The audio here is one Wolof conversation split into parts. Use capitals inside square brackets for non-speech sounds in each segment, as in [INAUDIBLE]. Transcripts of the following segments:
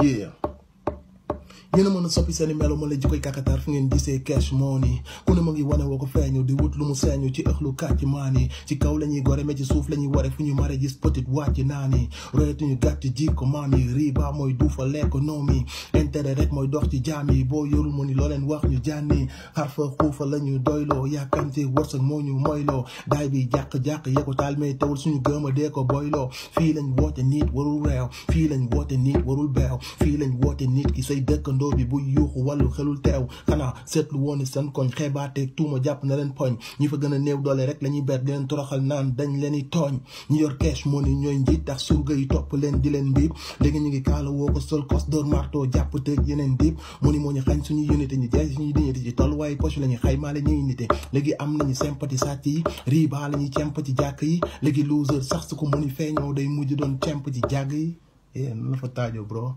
Yeah yéen a mën a soppi seeni melo mën la jikkoy kakataar fu ngeen gisee cash money ku ne ma ngi wane woo ko feeñu di wut lu mu seeñu ci ëxlu kàcc maani ci kaw la ñuy gore mais ci suuf la ñuy ware fu ñu mare gis petit wàcc naa royetuñu gàtt ji ko maam riba rii baa mooy duufa lekk noom yi intérêt rek mooy dox ci jaam yi boo yorul mu ni loo leen wax ñu jànni xar fa xuufa la ñu doyloo yàkkamte wërsëg moo ñu moyloo daay bi jàq-jàq yee ko taal mais tawul suñu gëma dee ko boyloo fii lañ woote nit warul reew fii lañ woote nit warul beew fii lañ woote nit ki say dëkk doo bi buy yuuxu wàllu xelul teew xanaa seetlu woon seen koñ xeebaateeg tuuma jàpp na leen poñ ñi fa gën a néew doole rek la ñuy ber di leen toroxal naan dañ leen i tooñ ñu yor kees moo ni ñooy njiit tax surga yi topp leen di leen mbiib léegi ñu ngi kaala woo ko sol kos door marto jàpp teeg yeneen diib mu ni moo ñu xañ suñuy unité ñu jaay suñuy dignité ci tolluwaay poche la ñuy xaymaale ñuy léegi am nañu sympathie sàcc yi riba la ñuy cemp ci jàkk yi léegi loser sax su ko mu ni feeñoo day mujj doon cemp ci jàgg yi yéen eh, fa taajo bro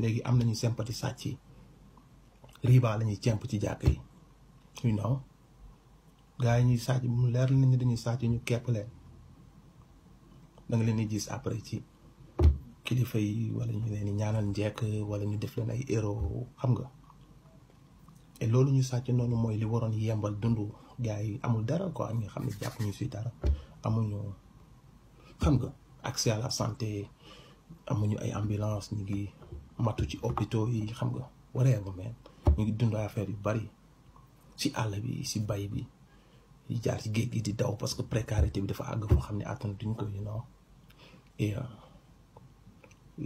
léegi am nañu sempati sàcc yi riba lañuy cemp ci jàkk yi you know gars yi ñuy sàcc mu leer nañu dañuy sàcc ñu kepp leen da leen di gis après ci kilifa yi wala ñu leen di ñaanal njekk wala ñu def leen ay héros xam nga te loolu ñu sàcc noonu mooy li waroon yembal dundu gaa yi amul dara ko am nga xam ne jàpp ñu si dara amuñu xam nga accès à la santé amuñu ay ambulance ñu ngi matu ci hôpitaux yi xam nga whatever man ñu ngi dund affaire yu bari ci àll bi ci bay bi yi jaar ci géej gi di daw parce que précarité bi dafa àgg foo xam ne àttan duñ ko you know et euh,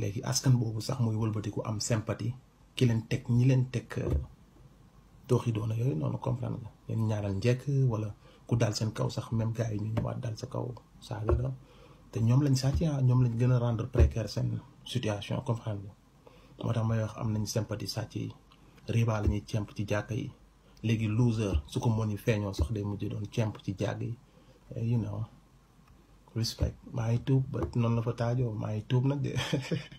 léegi askan boobu sax muy wëlbatiku am sympathie ki leen teg ñi leen teg tooxi euh, doona yooyu noonu comprendre nga leen ñaaral njekk wala ku dal seen kaw sax même gars yi ñu ñëwaat dal sa kaw saaga la te ñoom lañ sàcc ah, ñoom lañ gën a rendre précaire seen situation comprendre nga moo tax may wax am nañ sympathie sàcc yi riba la ñuy cemp ci jàkka yi léegi loser su ko mën yi feeñoo sax day mujj doon cemp ci jàgg yi eh, you know respect maa ngi tuub ba noonu la fa taajoo maa ngi tuub nag de [LAUGHS]